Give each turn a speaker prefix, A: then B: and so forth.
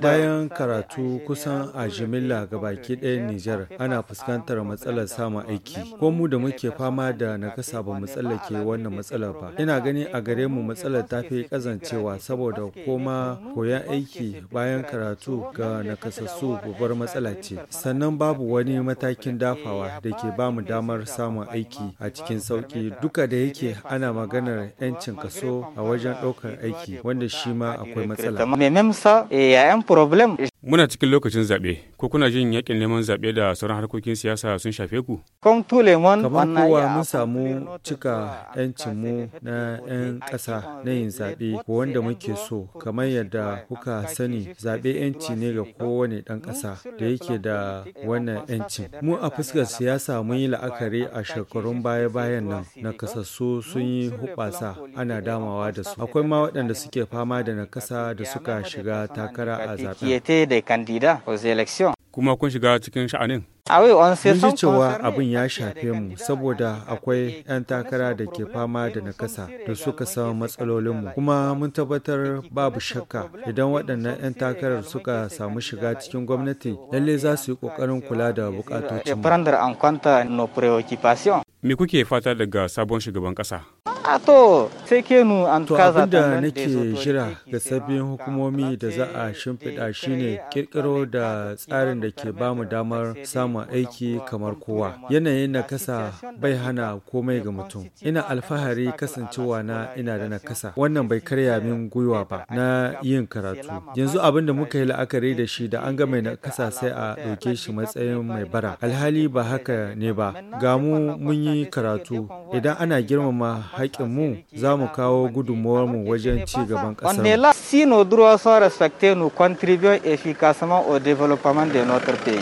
A: Bayan karatu kusan a jimilla baki ɗaya Nijar ana fuskantar matsalar samun aiki. Ko mu da muke fama da nakasa ba mu tsallake wannan matsalar ba. Ina gani a gare mu matsalar ta fi kazancewa saboda koma koyan aiki bayan karatu ga nakasassu babbar matsala ce. Sannan babu wani matakin dafawa da ke ba mu damar samun aiki a cikin sauki duka da yake ana maganar 'yancin kaso a wajen ɗaukar aiki wanda shi ma akwai matsala. sa, yan ang problem. Muna cikin lokacin zaɓe, ko kuna jin yakin neman zaɓe da sauran harkokin siyasa sun shafe ku? Kamar kowa mun samu cika 'yancinmu na 'yan ƙasa na yin zaɓe wanda muke so, kamar yadda kuka sani zaɓe 'yanci ne ga kowane ɗan ƙasa da yake da wannan 'yancin. Mu a fuskar siyasa mun yi la'akari a shekarun baya-bayan nan na kasassu sun yi hubasa ana damawa da su. Akwai ma waɗanda suke fama da nakasa da suka shiga takara a zaɓe. des kandida aux election. Kuma kun shiga cikin sha'anin? Ah mun ji cewa abin ya shafe mu saboda akwai 'yan takara da ke fama da nakasa da suka san matsalolinmu kuma mun tabbatar babu shakka idan waɗannan 'yan takarar suka samu shiga cikin gwamnati lalle za su yi ƙoƙarin kula da buƙatocinmu. Me kuke fata daga sabon shugaban ƙasa? to sai ke nu an abin da nake jira ga sabbin hukumomi da za a shimfiɗa shine kirkiro da tsarin da ke bamu damar samun aiki kamar kowa yanayin na kasa bai hana komai ga mutum ina alfahari kasancewa na ina da na kasa wannan bai karya min gwiwa ba na yin karatu yanzu abin da muka yi la'akari da shi da an ga mai na kasa sai a ɗauke shi matsayin mai bara alhali ba haka ne ba ga mu mun yi karatu idan ana girmama haƙƙi On est là si nos droits sont respectés, nous contribuons efficacement au développement de notre pays.